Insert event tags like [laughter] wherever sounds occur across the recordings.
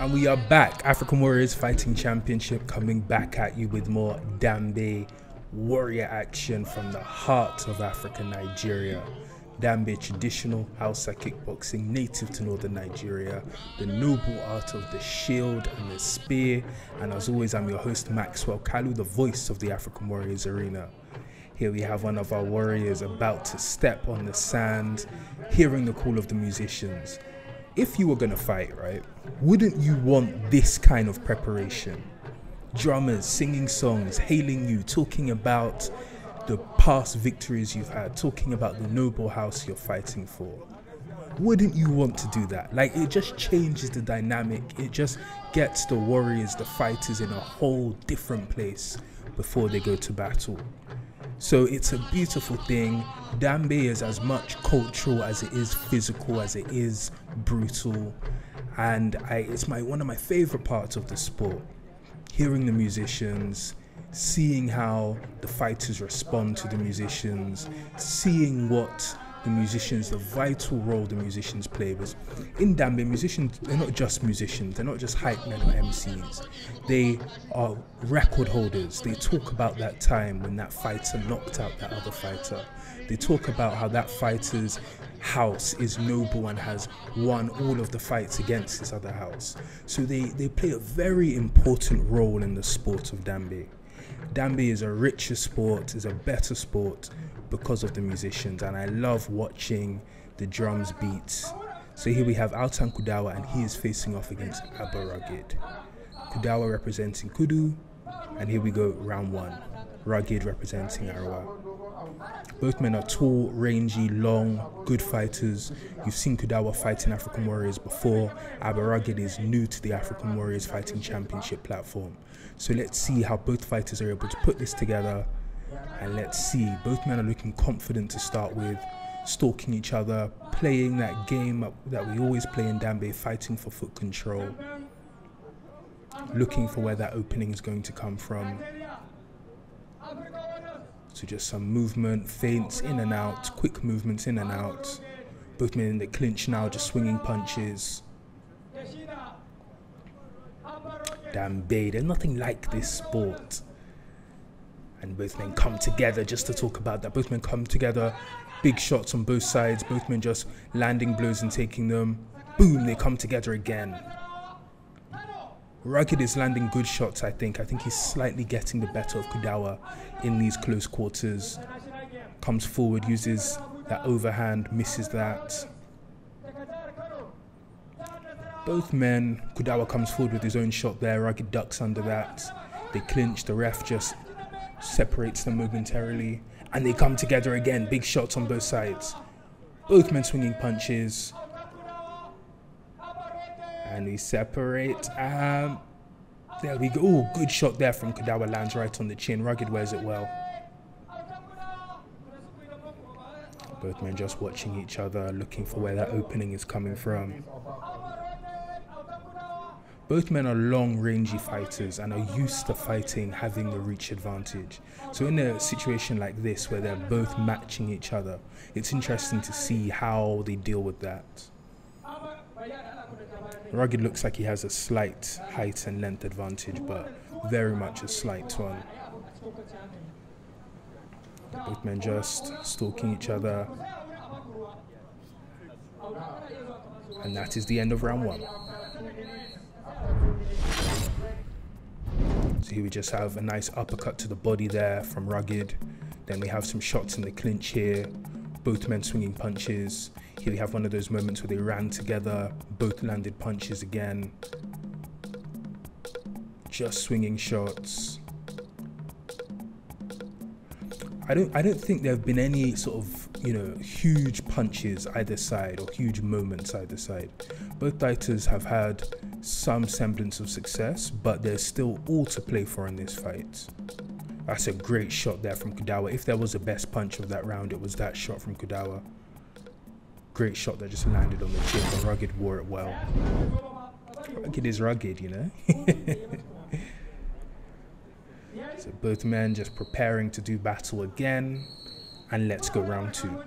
And we are back. African Warriors Fighting Championship coming back at you with more Dambe warrior action from the heart of African Nigeria. Dambe traditional Hausa kickboxing native to northern Nigeria, the noble art of the shield and the spear. And as always, I'm your host Maxwell Kalu, the voice of the African Warriors Arena. Here we have one of our warriors about to step on the sand, hearing the call of the musicians if you were gonna fight, right, wouldn't you want this kind of preparation? Drummers singing songs, hailing you, talking about the past victories you've had, talking about the noble house you're fighting for. Wouldn't you want to do that? Like, it just changes the dynamic. It just gets the warriors, the fighters in a whole different place before they go to battle. So it's a beautiful thing. Dambe is as much cultural as it is physical, as it is brutal. And I, it's my one of my favorite parts of the sport. Hearing the musicians, seeing how the fighters respond to the musicians, seeing what the musicians, the vital role the musicians play Because in Dambe, musicians, they're not just musicians, they're not just hype men or MCs. They are record holders. They talk about that time when that fighter knocked out that other fighter. They talk about how that fighter's house is noble and has won all of the fights against this other house. So they, they play a very important role in the sport of Dambe. Dambe is a richer sport, is a better sport because of the musicians, and I love watching the drums beats. So here we have Altan Kudawa, and he is facing off against Abba Rugged. Kudawa representing Kudu, and here we go, round one. Rugged representing Arawa. Both men are tall, rangy, long, good fighters. You've seen Kudawa fighting African Warriors before. Abaragid is new to the African Warriors Fighting Championship platform. So let's see how both fighters are able to put this together and let's see. Both men are looking confident to start with, stalking each other, playing that game that we always play in Dambe, fighting for foot control, looking for where that opening is going to come from. So just some movement, feints in and out, quick movements in and out. Both men in the clinch now, just swinging punches. Damn, they there's nothing like this sport and both men come together just to talk about that. Both men come together, big shots on both sides, both men just landing blows and taking them. Boom, they come together again. Rugged is landing good shots, I think. I think he's slightly getting the better of Kudawa in these close quarters. Comes forward, uses that overhand, misses that. Both men, Kudawa comes forward with his own shot there. Rugged ducks under that. They clinch. The ref just separates them momentarily, and they come together again. Big shots on both sides. Both men swinging punches. And they separate. Um, there we go. Ooh, good shot there from Kadawa. Lands right on the chin. Rugged wears it well. Both men just watching each other, looking for where that opening is coming from. Both men are long rangy fighters and are used to fighting having the reach advantage. So, in a situation like this where they're both matching each other, it's interesting to see how they deal with that. Rugged looks like he has a slight height and length advantage, but very much a slight one. Both men just stalking each other. And that is the end of round one. He we just have a nice uppercut to the body there from Rugged. Then we have some shots in the clinch here, both men swinging punches. Here we have one of those moments where they ran together, both landed punches again. Just swinging shots. I don't I don't think there have been any sort of you know huge punches either side or huge moments either side. Both fighters have had some semblance of success, but there's still all to play for in this fight. That's a great shot there from Kudawa. If there was a best punch of that round, it was that shot from Kudawa. Great shot that just landed on the chin, but Rugged wore it well. Rugged is rugged, you know? [laughs] so both men just preparing to do battle again. And let's go round two.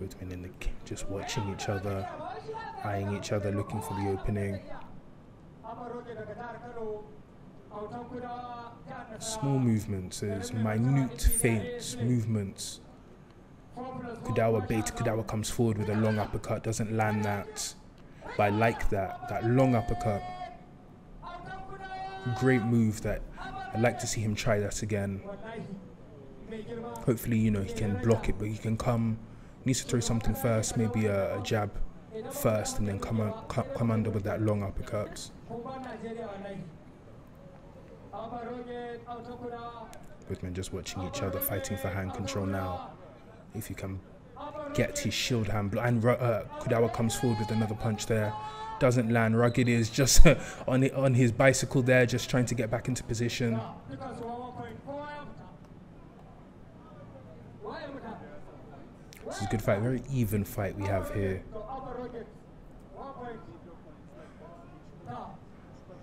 both men in the just watching each other, eyeing each other, looking for the opening. Small movements, there's uh, minute feints, movements. Kudawa bait. Kudawa comes forward with a long uppercut, doesn't land that. But I like that, that long uppercut. Great move that I'd like to see him try that again. Hopefully, you know, he can block it, but he can come needs to throw something first, maybe a, a jab first, and then come, come under with that long uppercut. Both men just watching each other, fighting for hand control now. If you can get his shield hand, and uh, Kudawa comes forward with another punch there. Doesn't land. Rugged is just [laughs] on on his bicycle there, just trying to get back into position. This is a good fight. Very even fight we have here.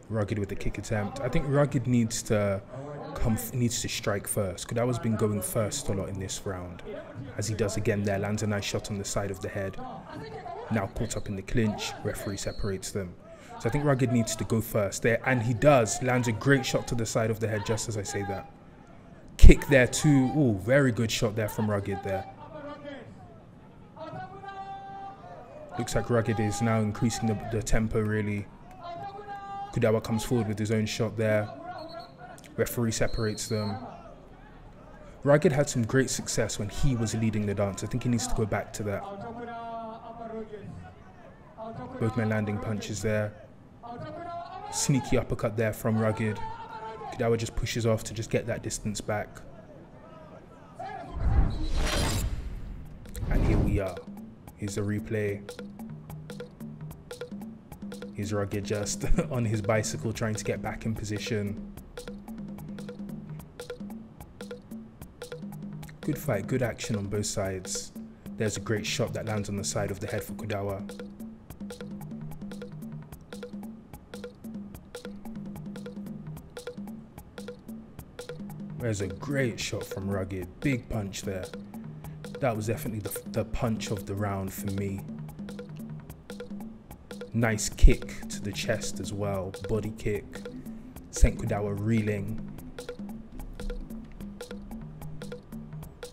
Rugged with the kick attempt. I think Rugged needs to come needs to strike first. Kudawa's been going first a lot in this round. As he does again there, lands a nice shot on the side of the head. Now caught up in the clinch, referee separates them. So I think Rugged needs to go first there, and he does. Lands a great shot to the side of the head just as I say that. Kick there too. Oh, very good shot there from Rugged there. Looks like Rugged is now increasing the, the tempo really. Kudawa comes forward with his own shot there. Referee separates them. Rugged had some great success when he was leading the dance. I think he needs to go back to that. Both men landing punches there. Sneaky uppercut there from Rugged. Kudawa just pushes off to just get that distance back. And here we are. He's a replay. He's rugged just [laughs] on his bicycle trying to get back in position. Good fight, good action on both sides. There's a great shot that lands on the side of the head for Kodawa. There's a great shot from Rugged, big punch there that was definitely the, the punch of the round for me. Nice kick to the chest as well, body kick. Senkudawa reeling.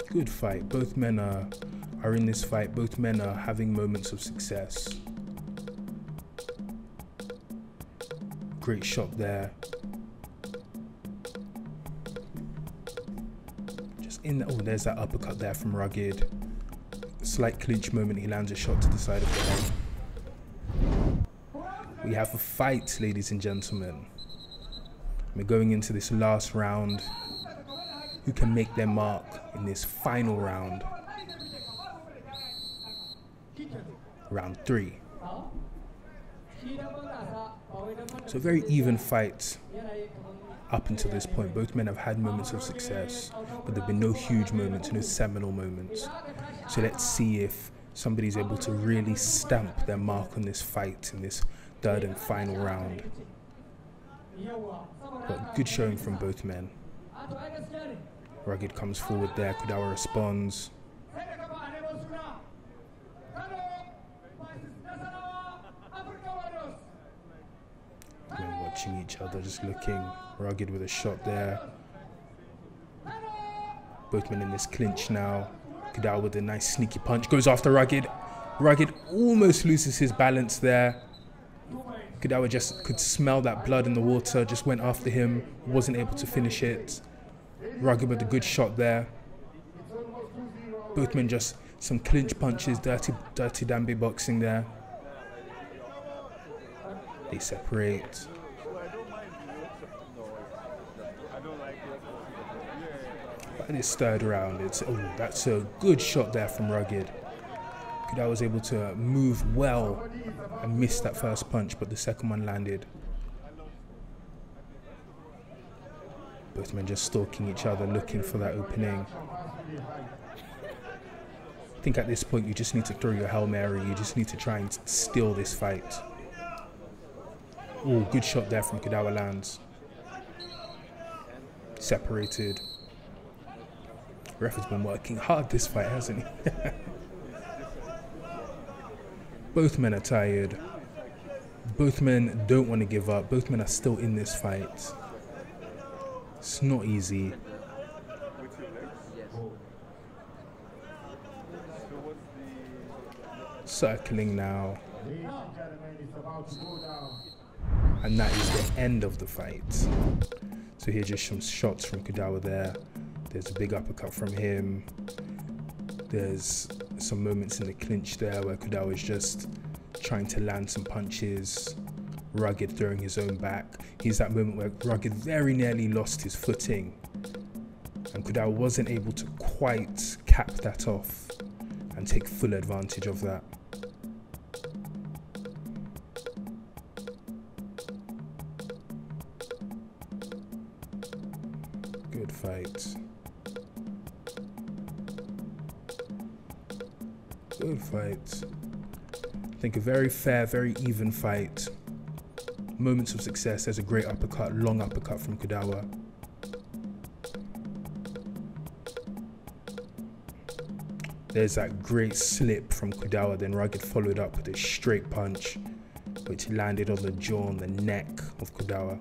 Good fight. Both men are, are in this fight. Both men are having moments of success. Great shot there. in. oh, there's that uppercut there from Rugged. Slight clinch moment. He lands a shot to the side of the head. We have a fight, ladies and gentlemen. We're going into this last round. Who can make their mark in this final round? Round three. So very even fight. Up until this point, both men have had moments of success, but there have been no huge moments, no seminal moments. So let's see if somebody's able to really stamp their mark on this fight in this third and final round. But good showing from both men. Rugged comes forward there, Kudawa responds. each other, just looking rugged with a shot there. Bothman in this clinch now. Kadal with a nice sneaky punch. Goes after Rugged. Rugged almost loses his balance there. Kadawa just could smell that blood in the water, just went after him, wasn't able to finish it. Rugged with a good shot there. Bothman just some clinch punches, dirty, dirty Dambi boxing there. They separate. and it's stirred around. It's oh, that's a good shot there from Rugged. Kudai was able to move well and missed that first punch, but the second one landed. Both men just stalking each other, looking for that opening. I think at this point you just need to throw your Hail Mary. You just need to try and steal this fight. Oh, good shot there from Kadawa Lands. Separated. Ref has been working hard this fight, hasn't he? [laughs] Both men are tired. Both men don't want to give up. Both men are still in this fight. It's not easy. Circling now. And that is the end of the fight. So here's just some shots from Kudawa there. There's a big uppercut from him. There's some moments in the clinch there where Kudai was just trying to land some punches. Rugged throwing his own back. He's that moment where Rugged very nearly lost his footing. And Kudai wasn't able to quite cap that off and take full advantage of that. think a very fair, very even fight. Moments of success. There's a great uppercut, long uppercut from Kudawa. There's that great slip from Kudawa. Then Rugged followed up with a straight punch, which landed on the jaw and the neck of Kudawa.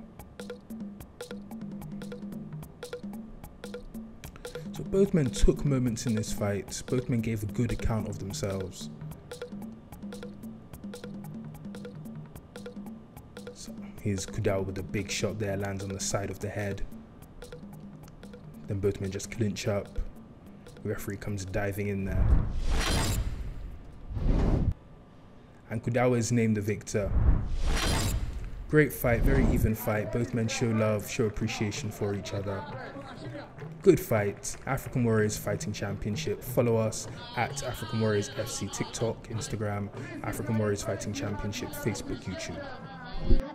So both men took moments in this fight. Both men gave a good account of themselves. Here's Kudal with a big shot there, lands on the side of the head. Then both men just clinch up. referee comes diving in there. And Kudawa is named the victor. Great fight, very even fight. Both men show love, show appreciation for each other. Good fight. African Warriors Fighting Championship. Follow us at African Warriors FC TikTok, Instagram, African Warriors Fighting Championship, Facebook, YouTube.